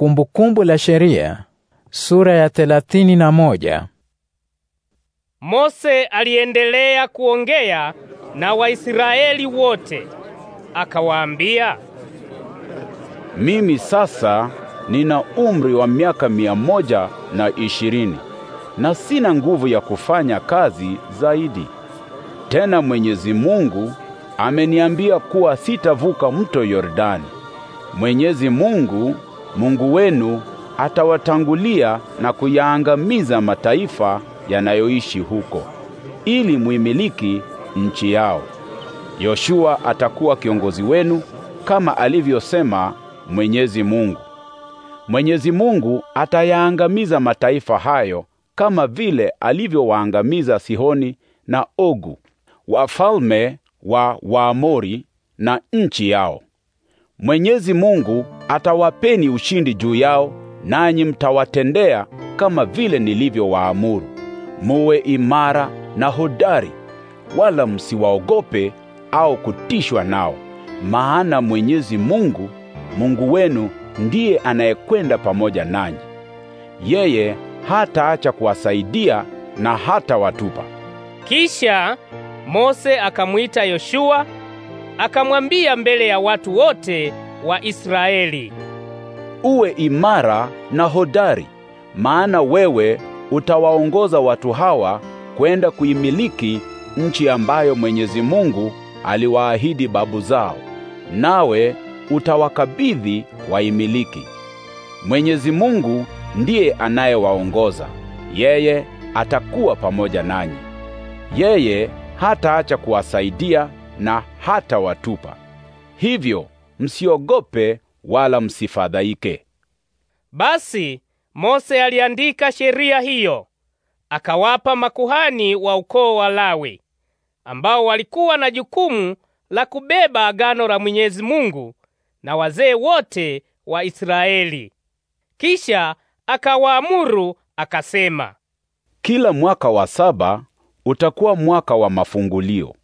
Kumbukumbu la Sheria sura ya thelathini na moja. Mose aliendelea kuongea na Waisraeli wote akawaambia, mimi sasa nina umri wa miaka mia moja na ishirini na sina nguvu ya kufanya kazi zaidi. Tena Mwenyezi Mungu ameniambia kuwa sitavuka mto Yordani. Mwenyezi Mungu Mungu wenu atawatangulia na kuyaangamiza mataifa yanayoishi huko ili muimiliki nchi yao. Yoshua atakuwa kiongozi wenu kama alivyosema Mwenyezi Mungu. Mwenyezi Mungu atayaangamiza mataifa hayo kama vile alivyowaangamiza Sihoni na Ogu, wafalme wa Waamori na nchi yao. Mwenyezi Mungu atawapeni ushindi juu yao, nanyi mtawatendea kama vile nilivyowaamuru. Muwe imara na hodari, wala msiwaogope au kutishwa nao, maana Mwenyezi Mungu Mungu wenu ndiye anayekwenda pamoja nanyi. Yeye hataacha kuwasaidia na hatawatupa. Kisha Mose akamwita Yoshua akamwambia mbele ya watu wote wa Israeli, uwe imara na hodari, maana wewe utawaongoza watu hawa kwenda kuimiliki nchi ambayo Mwenyezi Mungu aliwaahidi babu zao, nawe utawakabidhi waimiliki. Mwenyezi Mungu ndiye anayewaongoza, yeye atakuwa pamoja nanyi, yeye hataacha kuwasaidia na hata watupa. Hivyo msiogope wala msifadhaike. Basi Mose aliandika sheria hiyo akawapa makuhani wa ukoo wa Lawi ambao walikuwa na jukumu la kubeba agano la Mwenyezi Mungu na wazee wote wa Israeli. Kisha akawaamuru akasema, kila mwaka wa saba utakuwa mwaka wa mafungulio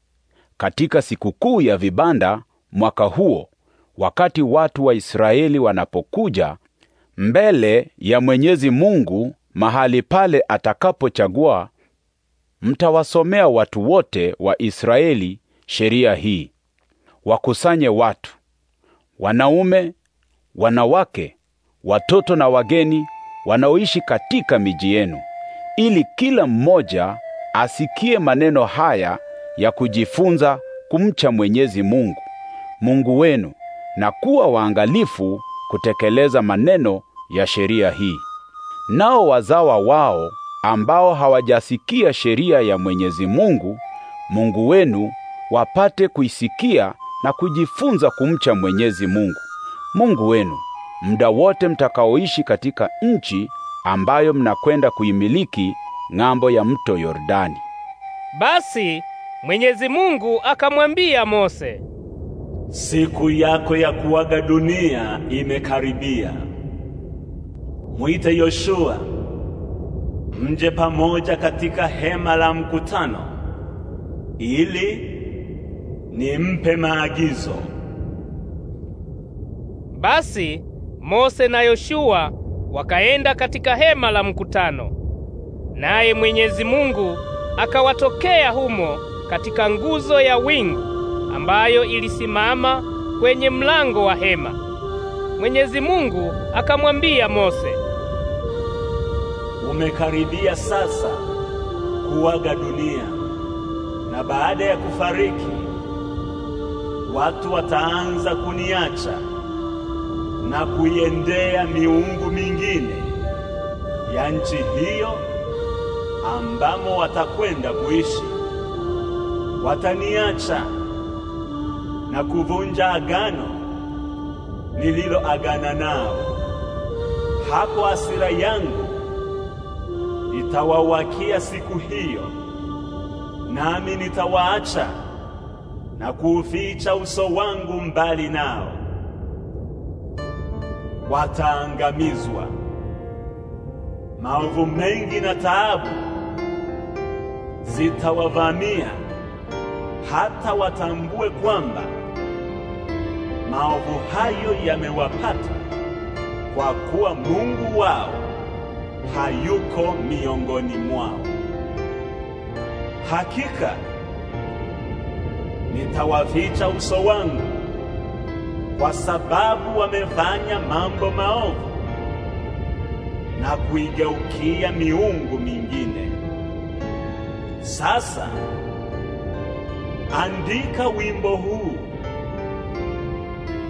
katika sikukuu ya vibanda mwaka huo, wakati watu wa Israeli wanapokuja mbele ya Mwenyezi Mungu mahali pale atakapochagua, mtawasomea watu wote wa Israeli sheria hii. Wakusanye watu wanaume, wanawake, watoto na wageni wanaoishi katika miji yenu, ili kila mmoja asikie maneno haya ya kujifunza kumcha Mwenyezi Mungu, Mungu wenu na kuwa waangalifu kutekeleza maneno ya sheria hii. Nao wazawa wao ambao hawajasikia sheria ya Mwenyezi Mungu, Mungu wenu wapate kuisikia na kujifunza kumcha Mwenyezi Mungu, Mungu wenu muda wote mtakaoishi katika nchi ambayo mnakwenda kuimiliki ng'ambo ya mto Yordani. Basi Mwenyezi Mungu akamwambia Mose, siku yako ya kuaga dunia imekaribia. Mwite Yoshua mje pamoja katika hema la mkutano, ili nimpe maagizo. Basi Mose na Yoshua wakaenda katika hema la mkutano, naye Mwenyezi Mungu akawatokea humo katika nguzo ya wingu ambayo ilisimama kwenye mlango wa hema. Mwenyezi Mungu akamwambia Mose, umekaribia sasa kuwaga dunia, na baada ya kufariki watu wataanza kuniacha na kuiendea miungu mingine ya nchi hiyo ambamo watakwenda kuishi wataniacha na kuvunja agano nililoagana nao. Hapo hasira yangu itawawakia siku hiyo, nami nitawaacha na kuuficha uso wangu mbali nao, wataangamizwa. Maovu mengi na taabu zitawavamia hata watambue kwamba maovu hayo yamewapata, kwa kuwa Mungu wao hayuko miongoni mwao. Hakika nitawaficha uso wangu, kwa sababu wamefanya mambo maovu na kuigeukia miungu mingine. Sasa andika wimbo huu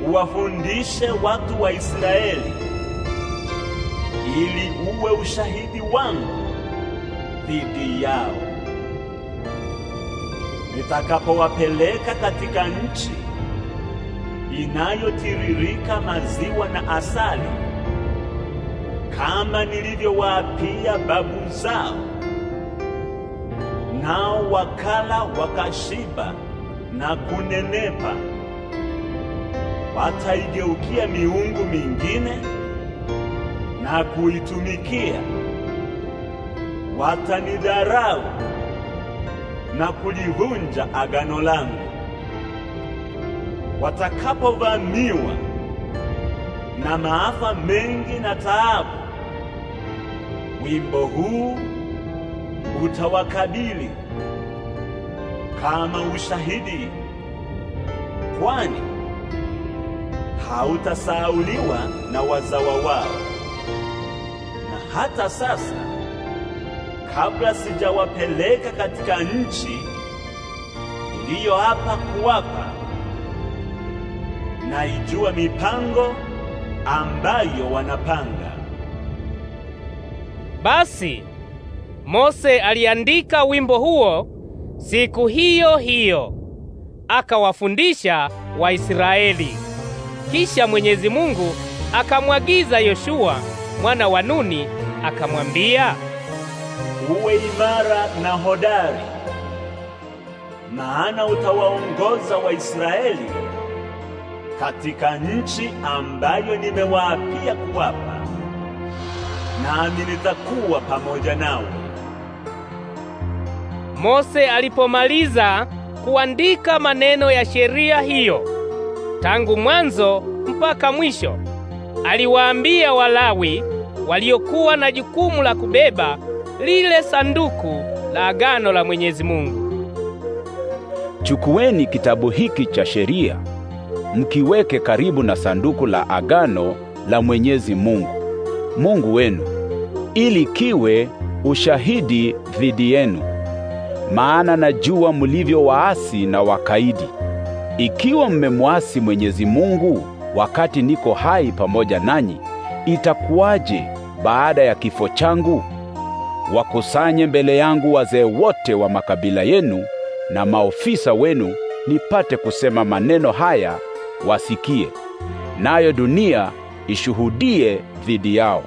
uwafundishe watu wa Israeli, ili uwe ushahidi wangu dhidi yao nitakapowapeleka katika nchi inayotiririka maziwa na asali, kama nilivyowaapia babu zao nao wakala wakashiba na kunenepa. Wataigeukia miungu mingine na kuitumikia, watanidharau na kulivunja agano langu. Watakapovamiwa na maafa mengi na taabu, wimbo huu utawakabili kama ushahidi, kwani hautasauliwa na wazawa wao. Na hata sasa, kabla sijawapeleka katika nchi iliyoapa kuwapa, naijua mipango ambayo wanapanga. Basi Mose aliandika wimbo huo siku hiyo hiyo, akawafundisha Waisraeli. Kisha Mwenyezi Mungu akamwagiza Yoshua mwana wa Nuni akamwambia, uwe imara na hodari, maana utawaongoza Waisraeli katika nchi ambayo nimewaapia kuwapa, nami nitakuwa pamoja nawe. Mose alipomaliza kuandika maneno ya sheria hiyo tangu mwanzo mpaka mwisho, aliwaambia Walawi waliokuwa na jukumu la kubeba lile sanduku la agano la Mwenyezi Mungu, chukueni kitabu hiki cha sheria mkiweke karibu na sanduku la agano la Mwenyezi Mungu Mungu wenu, ili kiwe ushahidi dhidi yenu maana najua mulivyo waasi na wakaidi. Ikiwa mmemwasi Mwenyezi Mungu wakati niko hai pamoja nanyi, itakuwaje baada ya kifo changu? Wakusanye mbele yangu wazee wote wa makabila yenu na maofisa wenu, nipate kusema maneno haya wasikie, nayo dunia ishuhudie dhidi yao.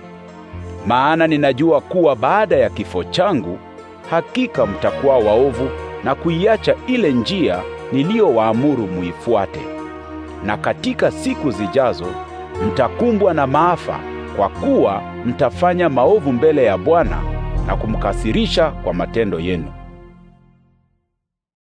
Maana ninajua kuwa baada ya kifo changu hakika mtakuwa waovu na kuiacha ile njia niliyowaamuru muifuate. Na katika siku zijazo mtakumbwa na maafa, kwa kuwa mtafanya maovu mbele ya Bwana na kumkasirisha kwa matendo yenu.